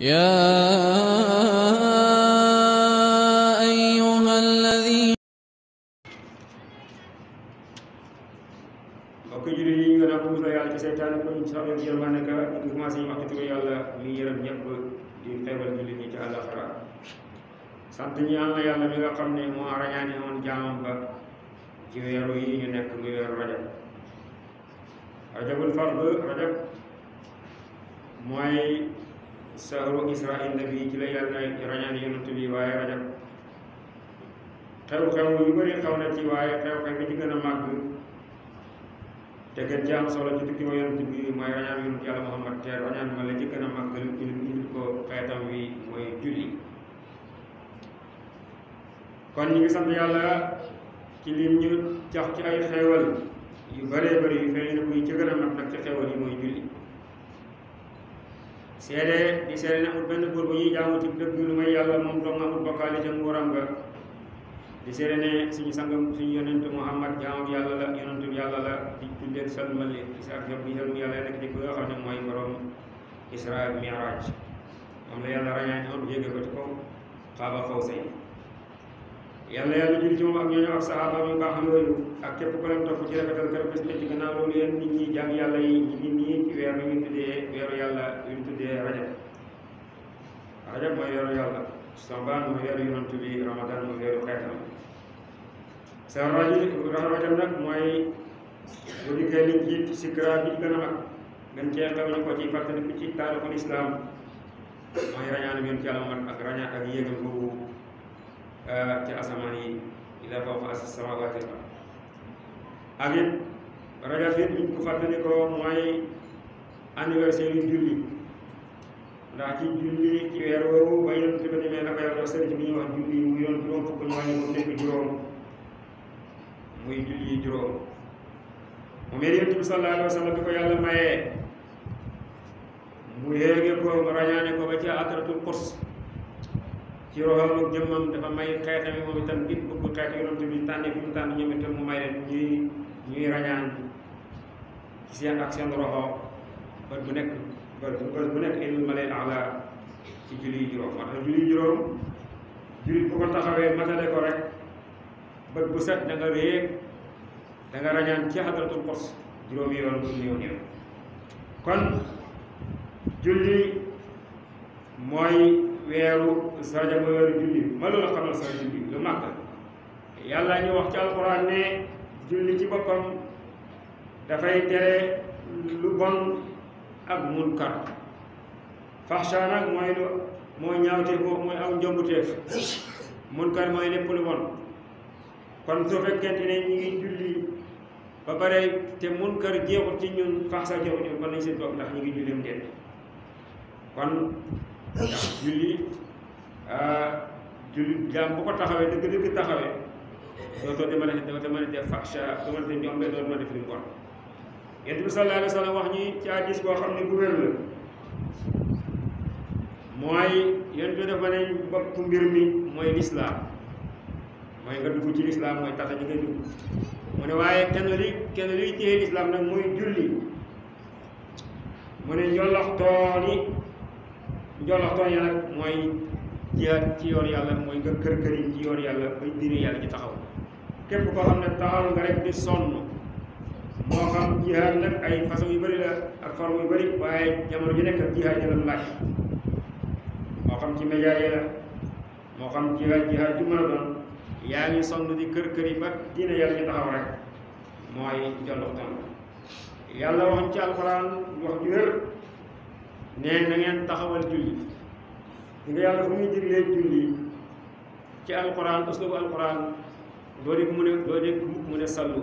يا أيها الذين وكجري ينغنا كوزا يا تي سيتان كون ان شاء الله يرما نكا دوما سي وقت بو يالا لي يرم نيب دي خيبال جولي ني تي الله خرا سانت ني الله ميغا خامني مو اراñani won jaamam ba ci wéru yi ñu nekk muy wéru rajab rajabul fard rajab sahru isra inde bi ci la yàlla rañaan yonent bi waaye raja xew-xew yu bari xaw na ci waaye xew-xew bi ci gën a màgg jam gën ci solo ci tukki ma yonent bi mooy rañaan yonent muhammad te rañaan ma la ci gën a màgg lu indil ko xeetam wi mooy julli kon ñu ngi sant yàlla ci mi ñu jox ci ay xeewal yu bari bari yu feeñ na muy ci gën a mag nag ci xeewal yi mooy julli seede di seede ne amul benn buur bu ñuy jaamu ci dëgg lu may yàlla moom dong amul bokkaale ca nguuram ga di seede ne suñu sangam suñu yonentu Muhammad jaam ak yàlla la yonentu yàlla la di julleeg salmal isa ak yëpp yëpp yàlla nekk ci ki nga xam ne mooy borom Isra Mi'raj moom la yàlla ràññaa ñoon yéege ko ci kaw xaaba xaw say yàlla yàlla julli ci moom ak ñooñu ak saxaaba yu baax yooyu ak képp ku leen topp ci rafetal kër bis ci gannaaw loolu yéen nit ñi jàng yàlla yi ñi nit ci weer yu ñu yu rajab rajab ramadan mooy weeru xeetam seen rajo rajab nag mooy bu dikkee liñ ci sikra bi gën a mag gën cee ñu ko ci ci islam mooy rañaan bi yéen ci yàlla ak ak ci asamaan yi ila fawqa as-samaawaati wal ard ak it ko fàttali ko mooy anniversaire yu julli ndax ci julli ci weer woowu ba yonent ba demee la ko yàlla sëriñ bi ñuy wax julli mu juróom fukk ñu wàññi ko nekk juróom muy julli juróom moom it yonent bi sallallahu alayhi wa sallam ko yàlla mayee mu yéege ko mu rañaane ko ba ci adratul qurs ci roxam ak jëmmam dafa may xeetam yi moom itam git bugg xeetu yonante bi tànni bi mu tànn ñoom mu may leen ñuy ñuy rañaan ci seen ak seen roxo bët bu nekk bët bu nekk ilmul malal ala ci julli juróom moo tax julli juróom julli bu ko ko rek bu set da nga da nga rañaan ci yoon bu kon julli weeru saja ma weeru julli ma la xamal sa julli lu màgg yàlla ñu wax ci alxuraan ne julli ci boppam dafay tere lu bon ak munkar faxsha nag mooy lu mooy ñaawteef boobu mooy aw njombuteef munkar mooy lépp lu bon kon soo fekkente ne ñu ngi julli ba pare te munkar jeexut ci ñun faxsha jeexut ñun kon nañ seen bopp ndax ñu ngi julli mu kon julli ah, julli jaam bu ko taxawee dëgg dëgg taxawee dootoo di mën a dootoo mën a def fàcca doo mën a def ñoom doo mën a def li mu war yonent bi sallallahu alayhi wa sallam wax ñi ci hadis boo xam ne bu wér la mooy yonent bi dafa ne bopp mbir mi mooy lislaam mooy nga dugg ci lislaam mooy tax ñi dugg mu ne waaye kenn li kenn luy téye lislaam nag mooy julli mu ne ñoo tooni njolloxtoon ya nag mooy jiyaat ci yoon yàlla mooy nga kër këri ci yoon yàlla bay diine yàlla ji taxaw képp koo xam ne taxaw nga rek di sonn moo xam jihaad nag ay façon yu bëri la ak forme yu bëri waaye jamono ju nekk jihaad ji lan laaj xam ci yi la xam ju doon yaa ngi sonn di kër kër yi ba diine yàlla ñu taxaw rek mooy njolloxtoon yàlla wax ci alquran wax ne na ngeen taxawal julli di nga yàlla fu muy diglee julli ci alquran uslubu alquran doo dégg mu ne doo dégg mukk mu ne sallu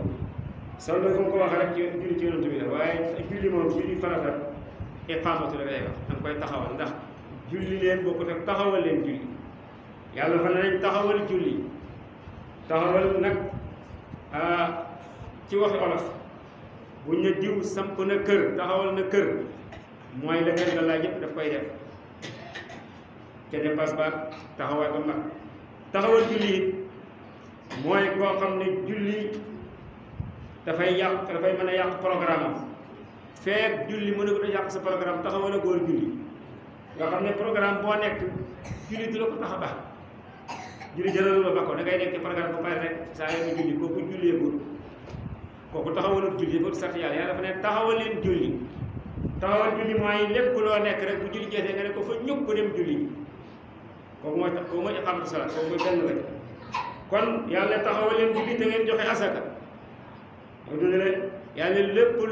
sallu fu mu ko wax rek ci julli ci yonent bi la waaye julli moom julli farata iqaamatu la wax da koy taxawal ndax julli leen boo ko teg taxawal leen julli yàlla fa ne nañ taxawal julli taxawal nag ah, ci waxi olof buñ ne diw samp na kër taxawal na kër moy la ngeen la laaj yëpp daf koy def te pass ba taxawaay ba mak taxawal julli moy ko koo julli da fay yaq da fay mën yaq programme fek julli mën a gën a sa programme taxawal ko góor julli nga xam programme bo nek julli du la ko tax a julli jëlalu lu ba ko da ngay nek ci programme ba pare rek saa yoo julli ko ko kooku ko kooku taxawalul julli dafa sant yàlla yàlla fa ne taxawal len julli taxawal julli mooy lépp loo nekk rek bu julli jotee nga ne ko fa ñëpp dem julli ji kooku mooy tax kooku mooy iqaamatu salaat kooku mooy benn leen julli te ngeen joxe asaka moo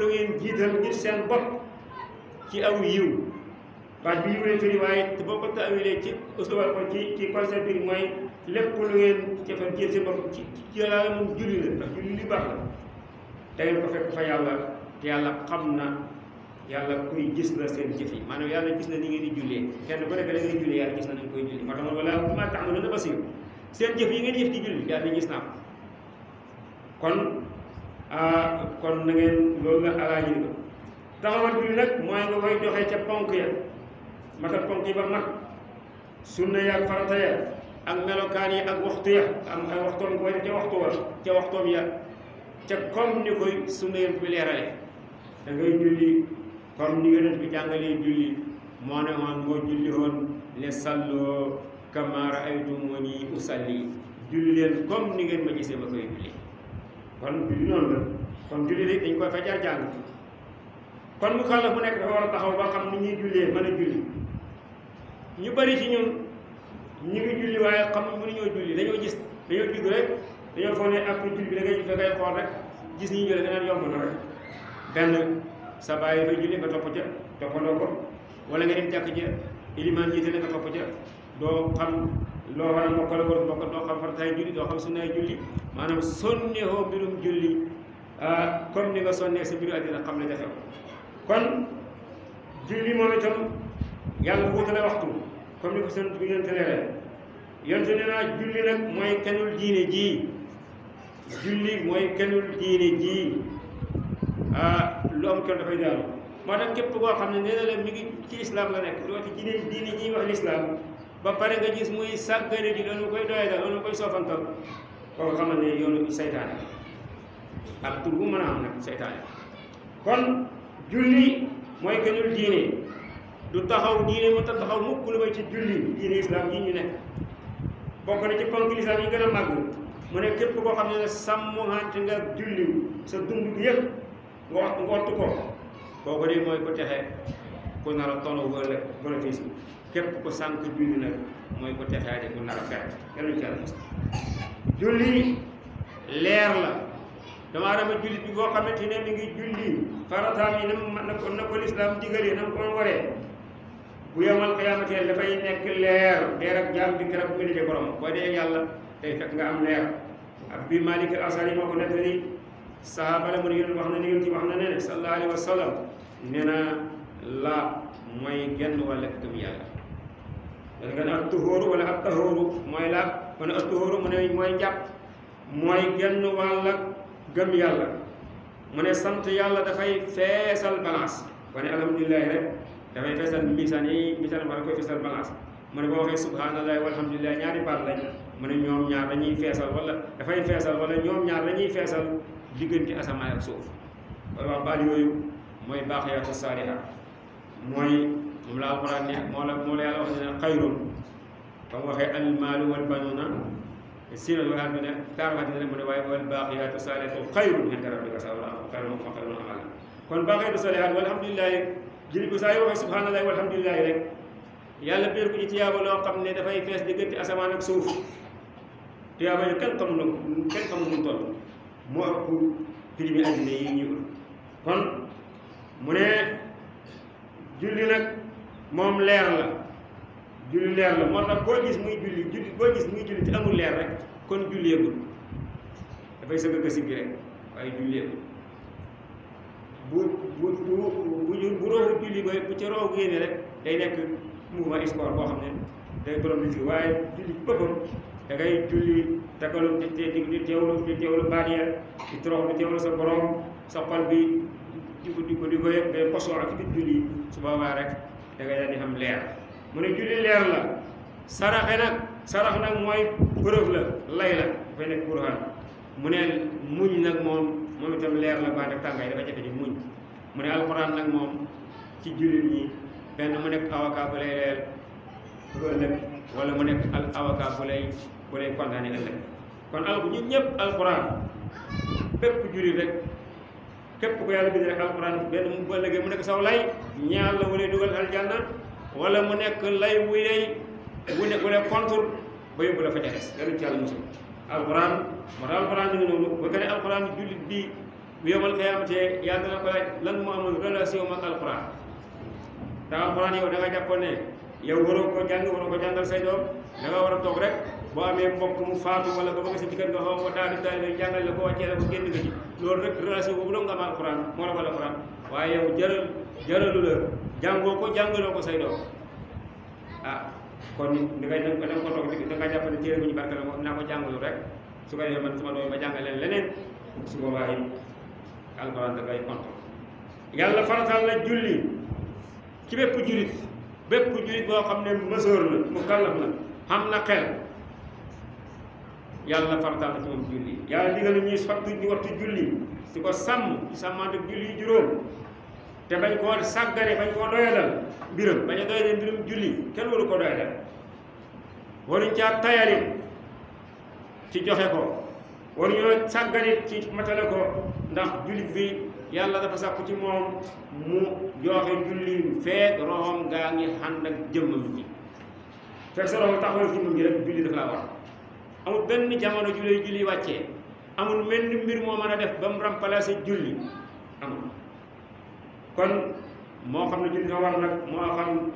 dund seen bopp ci aw yiw baat bi yiw leen firi waaye boo ko ci usuwal ko ci mooy lépp lu ngeen jëfal julli la ndax julli li baax la da ngeen ko fekk fa yàlla te yàlla xam na yàlla kuy gis na seen jëf yi maanaam yàlla gis na ni ngeen di jullee kenn ku nekk la ngay jullee yàlla gis na nañ koy julli moo tax wala ma taxalu na basir seen jëf yi ngeen jëf ci julli yàlla gis naa ko kon ah, kon na ngeen loolu la alaaji ko taxawal julli nag mooy nga koy joxe ca ponk ya matal ponk yi ba mat sunna ya ak farata ya ak melokaan yi ya ak waxtu ya am ay waxtoom koy ca waxtu wa ca waxtoom ya ca comme ni koy sunna yéen bi leerale da ngay julli comme ni yonent bi jangale julli moo ne woon moo julli woon le sallu kama raaytumuni usalli julli len comme ni ngeen ma gisse ma koy julli kon julli non la kon julli rek dañ koy fajar jang kon mu xala mu nek dafa wara taxaw ba xam ni ñi julle mën julli ñu bari ci ñun ñi ngi julli waye xam ñoo julli dañoo gis dañoo jug rek dañoo fone ne ak julli bi da ngay da ngay xool rek gis ñu jële da yomb na rek ben sa bàyyi julli nga topp ca toppandoo ko wala nga dem jàkk ja ilimaan jiite la nga topp ca doo xam loo war a mokkal war doo xam farataay julli doo xam sunnaay julli maanaam sonnewoo mbirum julli ah, comme ni nga sonnee sa mbiru àddina xam la jaxew kon julli moom itam yàlla wuutale waxtu comme ni ko seen bu yonte leeral yonte nee naa julli nag mooy kenul diine jii julli mooy kenul diine jii Ah, lu am kenn dafay daanu moo tax képp koo xam ne nee na la mi ngi ci islam la nekk doo ci diine diine ñuy wax l'islam ba pare nga gis muy sàggane di loolu koy doye daal loolu koy soofantal kooku xamal ne yoonu seytaane ak tur bu a am nag seytaane kon julli mooy gënul diine du taxaw diine mu tax taxaw mukk lu may ci julli diine islam yi ñu nekk bokk na ci ponk islam yi gën a màgg mu ne képp koo xam ne ne sàmmante nga julli sa dund gi yëpp Waktu waktu ko kooku de mooy ko texe ku nar a tonu wala bénéfice bi képp ku sànq julli nag mooy ko texee de ku nar a perte yàlla ñu yàlla julli leer la dama adama jullit bi boo xamante ne mi ngi julli farataam yi na ko na ko lislaam digalee na ko waree bu yomal xiyaamatee dafay nekk leer leer ak jaam bi garab bu mu borom boo dee yàlla tey fekk nga leer ak bi Malik Asari moo ko nettali sahaaba la mu ne yonent wax ne yonent wax na ne ne sallallahu wa sallam nee na laab mooy genn wala gëm yàlla da nga ne ak tuhóoru wala ak tahóoru mooy laab mu ne genn wàll ak gëm yàlla mu ne sant yàlla dafay feesal balance ba ne alhamdulilahi rek dafay feesal misaan yi misaan wala koy feesal balance mu ne boo waxee subhaanallahi walhamdulilahi ñaari baat lañ mu ne ñoom ñaar dañuy feesal wala dafay feesal wala ñoom ñaar dañuy feesal diggante asamaan ak suuf mooy wax baat mooy baaqiyaatu saalihaat mooy moom la alxuraan ne moo la moo la yàlla wax ne xayrun ba mu waxee al wal banuuna si loolu waxaat mu ne taarwaat ne mu ne waaye wal baaqiyaatu saalihaatu xayrun inda rabbika sawaaban xayrun bi saa waxee subhaanallahi walhamdulilahi rek yàlla biir ko ci tiyaaba loo xam ne dafay fees diggante asamaan ak suuf tiyaaba yi kenn xamul kenn xamul mu toll mu ëpp prix àddina yi ñu ut kon mu ne julli nag moom leer la julli leer la moo tax boo gis muy julli julli boo gis muy julli te amul leer rek kon julli yëgul dafay sëgg a sigg rek waaye julli yëgul bu bu bu bu rooxu julli ba bu ca rooxu génne rek day nekk mouvement sport boo xam ne day borom liggéey waaye julli ci da ngay julli tegalum di di teewlu di teewlu baat ya di torox di teewlu sa borom sa xol bi di ko di ko di ko yëg ak di julli su baba rek da ngay di xam leer mu ne julli leer la saraxe nak sarax nak moy preuve la lay la dafay nek qur'an mu ne muñ nak mom mom itam leer la baa nag tàngaay dafa jafe di muñ mu ne alquran nak mom ci julli ni ben mu nek awaka bu leer wala mu nek al awaka bu lay bu dee condamné ëllëg kon al ñun ñëpp alquran bépp jurit rek képp ko yàlla bind rek alquran benn mu ba léegi mu nekk saw lay ñaal la wu lay dugal aljanna wala mu nekk lay wu lay wu ne wu ne contour ba yóbbu la fa ca des ci yàlla musul alquran moo tax alquran ñu ngi noonu ba gën a alquran jullit bi bu yomal xiyaamatee yàlla na ko laaj lan mu amul relation ak alquran te alquran yow da nga jàppoon ne yow waroo ko jàng waroo ko jàngal say doom da nga war a toog rek boo amee mbokk mu faatu wala ba bëgg sa jikkat nga xaw ko daanu daal la jàngal la ko wàccee la ko génn nga ci loolu rek relation boobu dong nga am alxuraan moo la ko alxuraan waaye yow jaral jaralu la jàngoo ko jàngaloo ko say doom ah kon da ngay da nga ko toog da nga ñu barke moom naa ko rek su ko defee man sama doom ma jàngal leen leneen su boobaa it alxuraan da ngay contre yàlla faratal na julli ci bépp julit bépp julit boo xam ne mësoor la mu kallaf la xam na xel yalla farta na ci mom julli yàlla digal ñi fàttu ñu waxtu julli ci ko sam ci sàmmante julli juróom te bañ koo sagare bañ ko doyalal biram bañ doyale biram julli kel waru ko doyalal waruñ ci tayari ci joxe ko waruñoo sagare ci matale ko ndax julli bi yalla dafa sàkku ci mom mu joxe julli feek roxom gaangi ngi xànd ak jëmmam ji fekk sa roxom taxawal ci moom rek julli dafa la wax amul benn jamono ju lay julli wàccee amul menn mbir moo mën a def ba mu remplacer julli amul kon moo xam ne julli nga war nag moo xam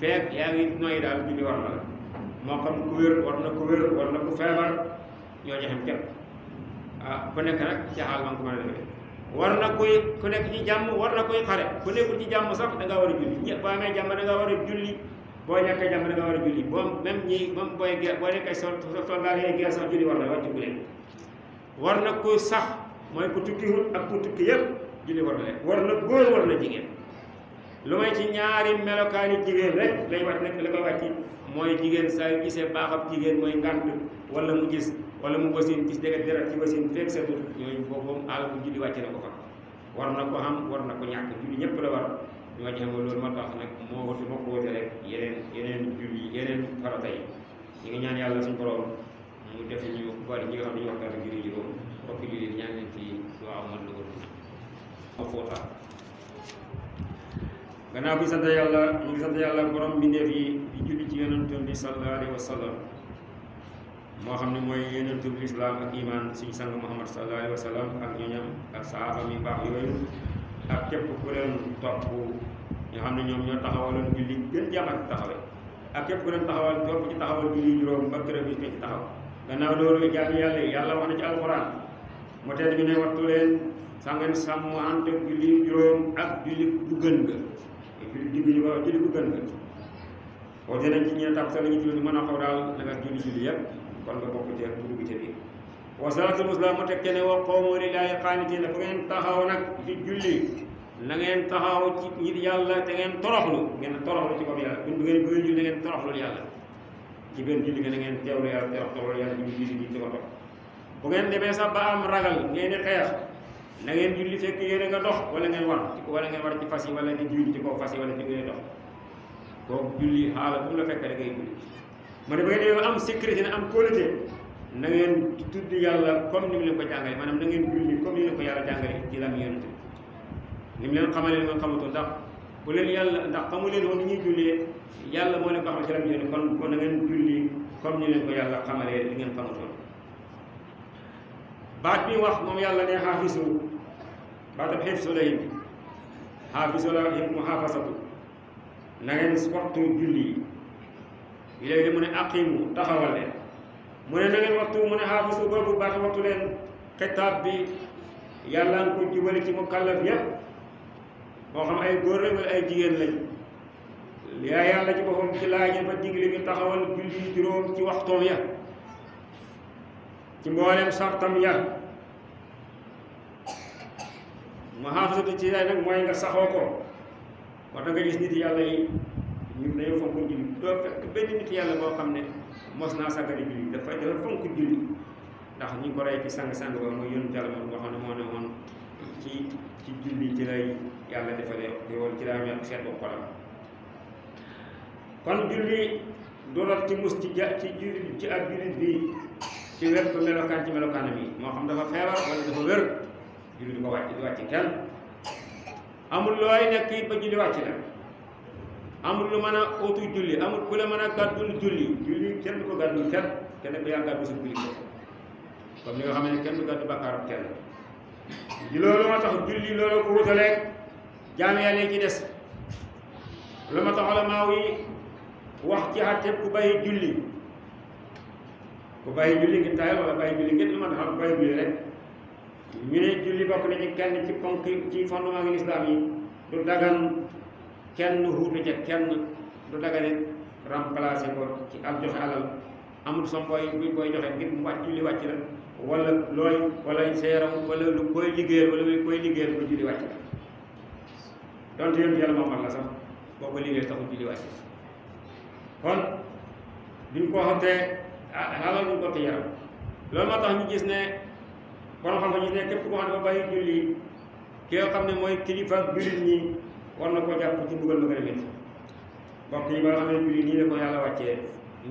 feeg yaa ngi nooyi na la moo xam ku wér war na ku ku feebar ñoo joxem képp ah, ku man ko mën a defee war na koy ku nekk ci jàmm war na koy xare ku nekkul ci jàmm sax da ngaa war a julli ñëpp boo jàmm da war a julli boo nekkee jamono nga war a julli boo même ñi même booy ge boo nekkee sol soldaar yi geer sax julli war na wàccu leen war na ku sax mooy ku tukkiwul ak ku tukki yëpp julli war na war na góor war na jigéen lu ci ñaari melokaani jigéen rek lay wàcc nekk la koy wàcc mooy jigéen saa yu gisee baaxab jigéen mooy ngànt wala mu gis wala mu wasin gis dégg deret ci wasin fekk setul yooyu bu julli na ko fa war na ko war na ko julli la war ñi ngi ñaan yàlla suñu borom mu def ñu bari ñi nga xam ne ñu waxtaan ngir juróom mbokk julli ñaan leen ci waaw man dugal ma foota gannaaw bi sant yàlla ñu ngi sant yàlla borom mbindeef yi di julli ci yonentam sallallahu alayhi wa sallam moo xam ne mooy yonentu ak iman suñu sang muhammad sallallahu Alaihi Wasallam sallam ak ñooñam ak sahaaba mi baax yooyu ak képp ku leen topp ñoo xam ne ñoo taxawaloon julli gën jàmm ak taxawee ak képp ku doon taxawal topp ci taxawal julli juróom ba kër bi ci taxaw gannaaw loolu jaami yàlla yi yàlla wax na ci alxuraan mu bi ne wattu leen sangeen sàmm ànd ak julli juróom ak julli bu gën ko julli bu gën ga boo te nañ ci ñee tàpp sax julli mën a xaw daal da nga julli julli yépp kon nga bokk ci dugg ci biir wa salaatul muslim mu tekkee ne wa qoomu lillaahi qaanitiin bu ngeen taxaw nag julli na ngeen taxaw ci ngir yàlla te ngeen toroxlu ngeen toroxlu ci kaw yàlla bu ngeen bëggee julli ngeen toroxlu yàlla ci benn julli ngeen ngeen ñu di ko topp bu ngeen demee sax ba am ragal ngeen di xeex ngeen julli fekk yéen nga dox wala ngeen war ci wala ngeen war ci wala di julli ci kaw fas wala di ngeen dox kooku julli xaala bu la fekk da ngay julli ngeen am secret na am qualité na ngeen tudd yàlla comme ni mu leen ko jàngale maanaam na ngeen julli comme ni ko ci lam li mu leen xamalee ne xamatul ndax bu leen yàlla ndax xamu leen ñuy jullee yàlla moo leen ko xamal ci ram yéen kon kon na leen ko yàlla xamalee li ngeen xamatul baat bi wax moom yàlla ne xaafisu baatam xifsu la yëpp xaafisu la mu xaafasatu na ngeen waxtu julli yi yi léegi mu ne aqimu taxawal leen mu ne na ngeen waxtu mu ne xaafisu boobu baat waxtu leen xitaab bi yàlla nga ko jubale ci mukallaf yépp moo xam ay góor lañ wala ay jigéen lañ yaa yàlla ci boppam ci laajin ba digle ñu taxawal julli juróom ci waxtoom ya ci mboolem sartam ya mu di ci yaay nag mooy nga saxoo ko war nga gis nit yàlla yi ñun dañoo fonk julli doo fekk benn nit yàlla boo xam mos naa sàggari julli dafa dafa fonk julli ndax ñu ko rey ci sang-sang ba mooy yónni yàlla moom nga xam ne moo ne woon ci ci julli ci lay yalla yàlla di won ci daa ñoom seetlu xolam kon julli doonal ci mus ci ci julli ci ak julli bi ci wépp melokaan ci melokaan bi mo xam dafa febar wala dafa wér julli ko wacc di wacc kel amul loy nek yi ba julli wacc la amul lu mën a julli amul ku la mën a julli julli kenn ko gadul kenn kenn ko yaa gàddu julli ko comme ni nga xam kenn du gadul bakkar kenn ji loolu moo tax julli loolu ko wutale jaamu yàlla ci des lu ma wi wax ci hatte ku bay julli ku bay julli ngi tay wala bay julli ngi luma xam bay julli rek ñu ne julli bokk na ci kenn ci ponk ci fondement ngi islam yi du dagan kenn huutu ci kenn du daganit remplacer ko ci am joxe alal amul sa boy buñ boy joxe ngir mu wacc julli wacc la wala loy wala sa wala lu koy liggéeyal wala lu koy liggéeyal ko julli wacc la donte yonent yàlla Muhammad la sax boo ko liggéey taxul julli wàcc kon duñ ko waxante la duñ ko waxante yaram loolu moo tax ñu gis ne borom xam-xam ñu ne képp koo xam ne dafa bàyyi julli ki nga xam ne mooy kilifa jullit ñi war na koo jàpp ci mbugal lu gën a métti mbokk yi ba nga xam ne julli nii la ko yàlla wàccee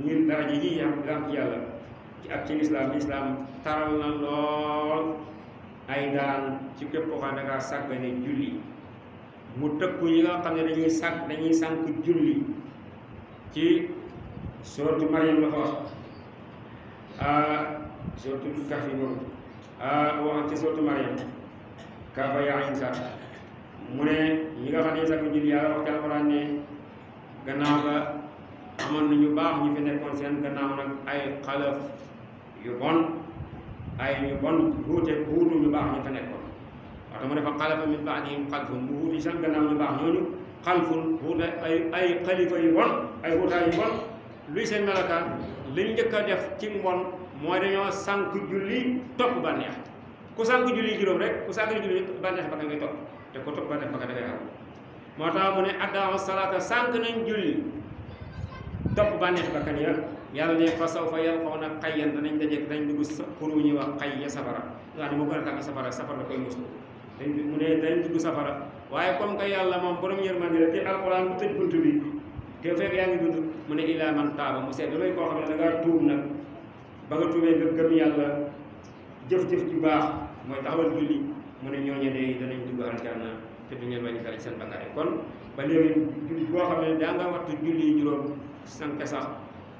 ñun daraja yi am am ci ci ak ci lislaam lislaam taral na lool ay daan ci képp koo xam ne da julli mu tëkku ñi nga xam ne dañuy sànq dañuy sànq julli ci suratu Maryam la ko wax ah, suratu Kahf moom ah, waxam ci suratu Maryam kaafa yaa insa mu ne ñi nga xam ne dañuy sànq julli yàlla wax ci alxuraan ne gannaaw ba amoon na baax ñu fi nekkoon seen gannaaw ay xalaf yu bon ay ñu bon wuute wuutu ñu baax ñu fi nekk te kan mu ne fa xalafa min ba'dihim xalfun mu wuuti sax gannaaw ñu baax ñooñu xalfun wuute ay ay xalifa yi won ay wuutaa yi won luy seen malaka liñ jëkka def ci mbon mooy dañoo sank julli top banex ku sank julli juróom rek ku sank julli banex ba ngay top te ko top banex ba ngay am moo tax mu ne addaaw salata sank nañ julli top banex ba kan ya yalla ne fa sawfa fa qayyan xaw dajek xayyan danañ dajeeg dañ dugg pour ñuy wax xay safara nga xam mo moo gën safara safara koy musul dañ mu ne dañ dugg safara waaye comme que yàlla moom borom yërmande la ci alquran bu tëj bunt bi te fekk yaa ngi dund mu ne ilaa man taaba mu seet looy koo xam ne da ngaa tuub nag ba nga tuubee nga gëm yàlla ya jëf-jëf ju baax mooy taxawal julli mu ne ñooñu de danañ dugg aljanna te du ngeen bañ a seen bakkaar kon ba léegi julli boo xam ne daa nga wattu julli juróom sànq sax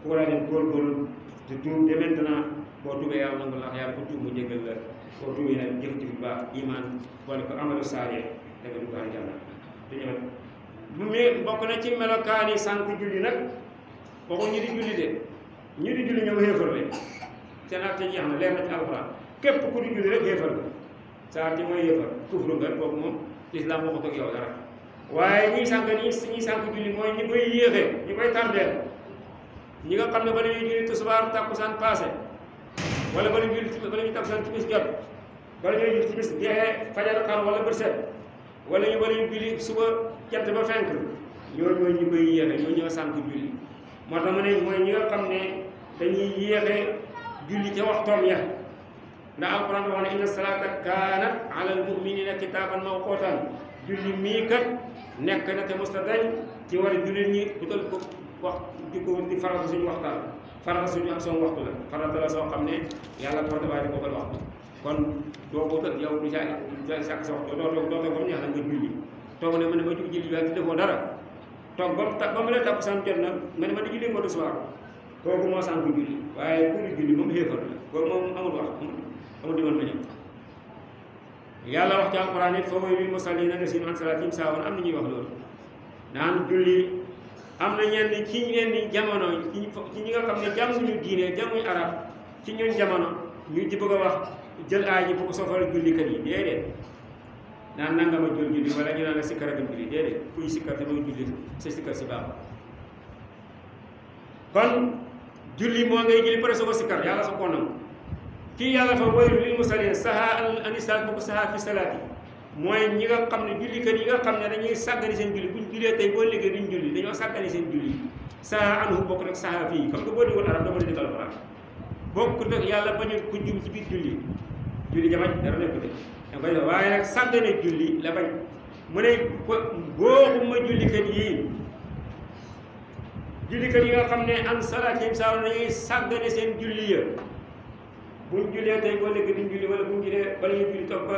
ku ko daa leen góorgóorlu te tuub de maintenant boo tuubee yàlla ya nangu yàlla ko tuub mu la ko duwi na jëf ci bu baax iman wala ko amalu saalih da nga dugg aljanna te ñëwal bu mi bokk na ci melokaani sànq julli nag waxu ñi di julli de ñi di julli ñoom xéefar lañ seen acte jeex na leer na ci alquran képp ku di julli rek xéefar la sa acte mooy xéefar kufru nga kooku moom islam waxu ak yow dara waaye ñi sànq ni ñi sànq julli mooy ñi koy yéexee ñi koy tardeel ñi nga xam ba dañuy julli tusubaar tàkkusaan passé wala bala ñu julli bala ñu takkusaan timis jot bala ñu julli timis jeexee fajar xar wala bërsët wala ñu bala ñu julli suba jant ba fenk ñoo ñoo ñu bay yéexe ñoo ñoo sànk julli moo tax mu ne ñi nga xam dañuy yéexe julli ca waxtoom ya ndax alquran wax ne inna salata kaanat ala almuminina kitaban mawqutan julli mii kat nekk na te musta dañ ci war a jullit ñi bu tal ko wax di ko di faral suñu waxtaan farata suñu ak sama waxtu la farata la soo xam ne yàlla ko dafa di ko bëgg waxtu kon doo ko tënk yow du saa sa sàkk sa waxtu doo toog doo toog comme ñax ma dara toog ba mu ta ba mu la tàpp sant jot na ma ne ma di julli ko du a kooku moo sànq julli waaye kuñu julli moom xéefar la kooku moom amul wax amul diman ma ñëw yàlla wax ci alquran it fa waylul musalliina allaziina an salaatihim saahuun am na ñuy wax loolu naan julli am na ñenn ci leen di jamono ci ñi nga xam ne jànguñu diine jànguñu arab ci ñun jamono ñu ci bëgg a wax jël aay ji bu ko sofal jullikat yi déedéet naan nanga ma jël julli wala ñu naan la sikkar agam julli déedéet kuy sikkar te doo julli sa sikkar si baax kon julli moo ngay julli pare soo ko yàlla sa ko nangu fii yàlla fa waylu lil musallin saha an isaat bu ko saha fi salaati moy ñi nga xamni julli jullikat yi nga xamni dañuy sàggani seen julli buñ julle tay bo liggéey duñ julli dañu sàggani seen julli sa anhu bokk nag sahabi fii xam nga boo déggul arab dama di alquran bokk nak yalla bañu ku jum ci bir julli julli jamañ dara nekk de da koy def nak sagane julli la bañ mu ne ma julli jullikat yi jullikat yi nga xamne an an sa saa dañuy sagane seen julli ya buñ julle tay bo liggéey duñ julli wala buñ julle bañu julli tok ba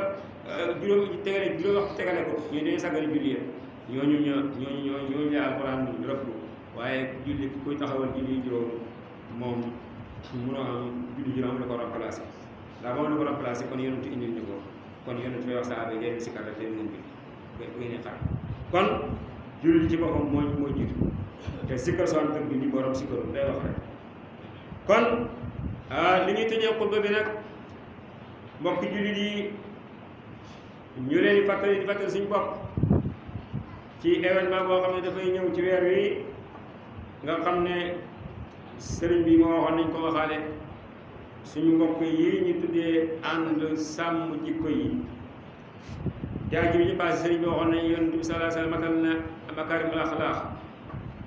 juróom ci tegale juróom wax tegale ko ñu dañu sagal julli ñooñu ñoo ñooñu ñoo ñooñu la alquran ñu rëbb waaye julli ku koy taxawal julli juróom moom mënoo am julli juróom la ko remplacé la moom la ko remplacé kon yonent indil ñu ko kon yonent fay wax sahaaba yi si kala leen ngeen bi bu ngeen xar kon julli ci boppam moo moo jiitu te sikkal soo am bi ñu borom sikkalu day wax rek kon li ñuy tëjee xutba bi nag mbokk jullit ñu leen di fàttali di fàttali suñu bopp ci événement boo xam ne dafay ñëw ci weer wi nga xam ne sëriñ bi moo waxoon nañ ko waxaale suñu mbokk yi ñu tuddee ànd sàmm jikko yi jaaju bi ñu passé sëriñ bi waxoon nañ yoon bi salaa sallam matal na makaarimul axlaax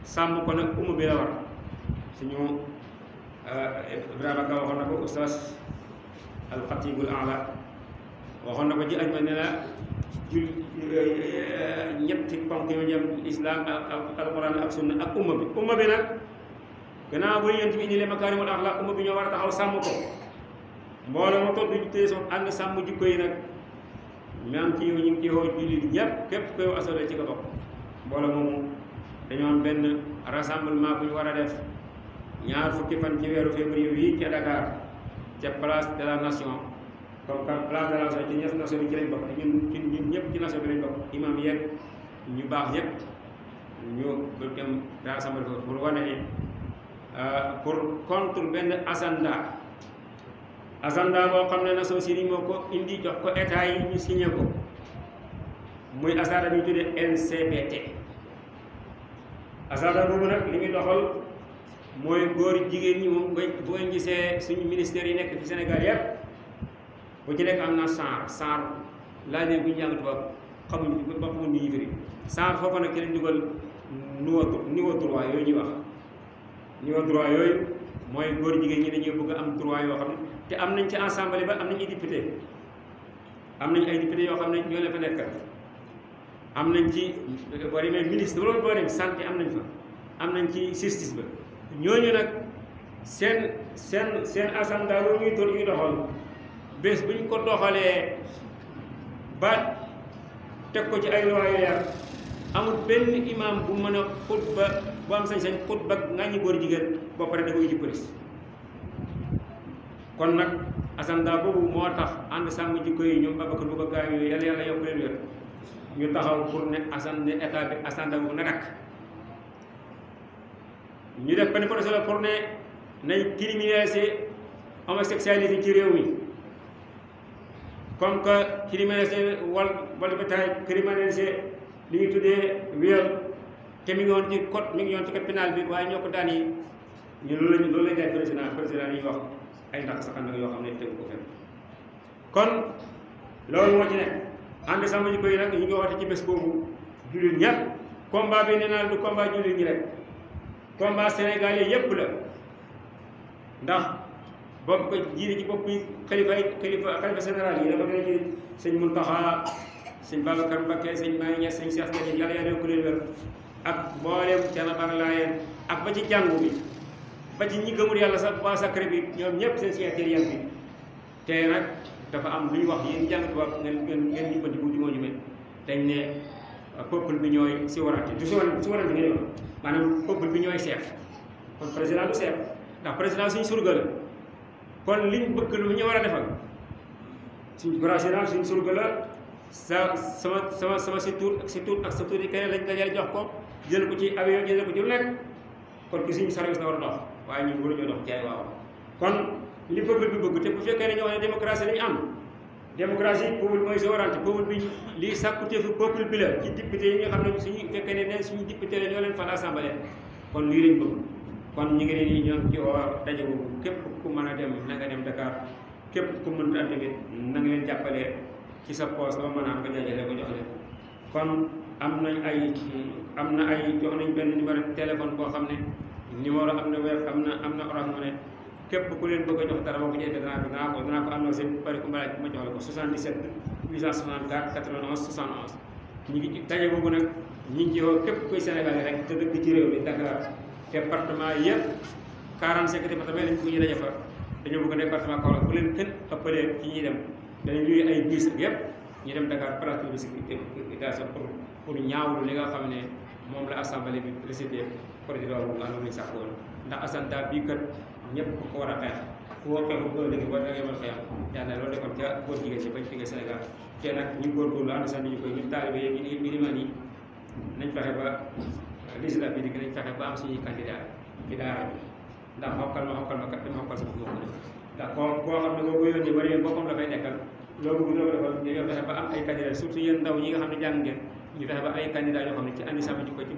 sàmm ko nag umu bi la war suñu euh, Ibrahima Ka waxoon na ko oustaz al xatibul ala waxoon na ko ci aj ma ne la jul ñetti ponk yu jëm islam ak alquran ak sunna ak umma bi umma bi nak gëna bu yent bi indi le makaari wala akhlaq umma bi ñu wara taxaw sam ko mbolo mo tuddu ci teeso and sam sàmm jikko yi nag maam ci yow ñu ngi ci yow jullit ñëpp képp koy asale ci ko bok mbolo mo dañu am benn rassemblement bu ñu wara def ñaar fukki fan ci wëru février bii ca Dakar ci place de la nation donc place de l'Ancien ci ñes nation bi ci lañ bokk ñun ci ñun ñëpp ci nation bi lañ bokk imam yeeg ñu baax yëpp ñu bu dem daa sama ko pour wane ni pour contre benn agenda agenda boo xam ne ko indi jox ko état yi ñu signé ko muy asada bi tuddee NCBT asada boobu nag li muy doxal mooy góor jigéen ñi moom bu ngeen gisee suñu ministère yi Sénégal ya. bu ci nekk am na saar saar laaj ne bu ñu jàng tubaab xamuñ ba xamuñ ni ñu firi saar foofa nag ci lañ dugal niveau niveau yooyu ñuy wax niveau droit yooyu mooy góor jigéen ñi dañuy bëgg am droit yoo xam ne te am nañ ci assemblée ba am nañ ay député am nañ ay député yoo xam ne ñoo leen fa nekkal am nañ ci boo demee ministre loolu boo dem santé am nañ fa am nañ ci justice ba ñooñu nag seen seen seen assemblée daal loolu ñuy toll ñuy doxal bés bu ñu ko doxalee ba teg ko ci ay loxo yu yar benn imam bu mën a xutba bu am sañ-sañ xutba nga ñu góor jigéen ba pare da koy ji police kon nag asanda boobu moo tax ànd sàmm jikko yi ñoom Babacar bu ko yooyu yàlla yàlla yokk leen wér ñu taxaw pour ne asan ne état bi na dakk ñu def benn la pour ne nañ criminaliser homosexualité ci réew mi comme que criminalisé wal wala ba tax criminalisé li ñu tuddee viol te mi ngi woon ci code mi ngi woon ci code pénal bi waaye ñoo ko daan yi ñu loolu lañ loolu lañ jaay président président yi wax ay ndax sax nag yoo xam ne tegu ko fenn kon loolu moo ci nekk ànd sàmm jikko yi nag ñu ngi woote ci bés boobu jullit ñépp combat bi nee naa du combat jullit ñi rek combat sénégalais yépp la ndax ba mu koy jiite ci bopp xalifa xalifa xalifa général yi dafa gën a jiite sëñ Muntaxa sëñ Babacar Mbakke sëñ Mahi Niass sëñ Cheikh Ndiaye yàlla yàlla yokku leen wér ak mboolem Thiel ak Laayeen ak ba ci jàngu bi ba ci ñi gëmul yàlla sax waa sacré bi ñoom ñëpp seen siyaare yàlla bi te nag dafa am lu wax yéen jàng tubaab ngeen ngeen ngeen jubbantiku di moo ñu mel dañ ne peuple bi ñooy si warante du si warante si ngeen wax maanaam peuple bi ñooy chef kon président du chef ndax président suñu surga la kon liñ bëgg lu ñu war a defal suñ bras général suñ surga la sa sama sama sama si tuut ak si tuut ak sa tuut yi keneen lañ dajale jox ko jël ko ci avion jël ko ci lu nekk kon ki suñu service la war a dox waaye ñun waruñoo dox jaay waaw kon li peuple bi bëgg te bu fekkee ne ñoo xam ne démocratie lañu am démocratie peuple mooy souveraineté peuple bi lii sàkkuteefu peuple bi la ci député yi nga xam ne suñu fekkee ne neen suñu député la ñoo leen fal assemblée kon lii lañ bëgg kon ñi ngi leen di ñoom ci oo daje boobu képp ku mën a dem na nga dem Dakar képp ku mënut a tamit na nga leen jàppale ci sa poos ba mën a am nga jajale ko jox leen kon am nañ ay am na ay jox nañ benn numéro téléphone boo xam ne moo am na web am na am na orange mu ne képp ku leen bëgg a jox dara boo ko jëlee danaa ko danaa ko danaa ko bari ku ma jox la ko 77 864 91 71 ñu ngi daje boobu nag ñu ngi ci woo képp kuy Sénégalais rek te dëkk ci réew mi Dakar département yëpp 45 département lañ ko ñu daje fa dañoo bëgg département Kaolack bu leen kenn ëppalee ci ñuy dem dañu luy ay bus yëpp ñu dem Dakar plateau de sécurité pour pour ñaawlu li nga xam ne moom la assemblée bi récité projet loolu la ñu sàkkoon ndax asanda bii kat ñëpp ko ko war a xeex ku war xeex bu ëllëg war da ngay mën xeex yàlla loolu defoon ca góor jigéen bañ fi nga Sénégal te nag ñu góorgóorlu ànd sax ñu koy ñun taalibe yi ñu limaan yi nañ fexe ba président bi di gën a fexe ba am suñuy candidat ci daara bi ndax xokkal ma xokkal ma kat dama xokkal sama bopp de ndax koo koo xam ne ko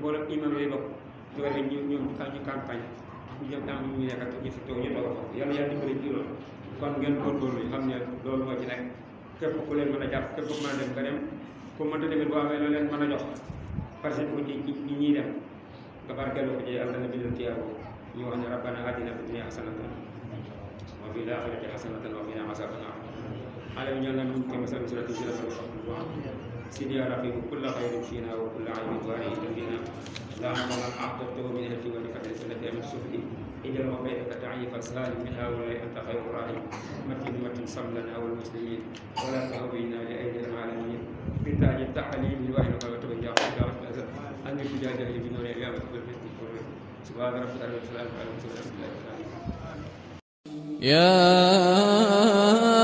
ko defee ñu ñu ñu campagne ñu jëm tam xam ne loolu moo ci nekk képp ku a a dem boo amee loo leen mën a jox parce que ko ñuy dem tabarkeloo ko je allah nabi ɗon tiyago ñi wahno rabbana adina fi dunia hasanatan wa fi l akhirati hasanatan wa qina asaban nar على من ينام كما سأل سورة الجلال والقرآن سيدي يا رقيب كل خير فينا وكل عيب وعيد فينا لا عمل أعطته من أهل ولفة التي أمن سفلي إلى وبيتك تعيف السهال منها ولا أنت خير راهب مكن مكن صملا أو المسلمين ولا تهوينا لأيدي العالمين بتاج التحليل وإن غلط بن جعفر أن يجاهد ابن الإعلام سبحان ربك رب العزة عما يصفون يا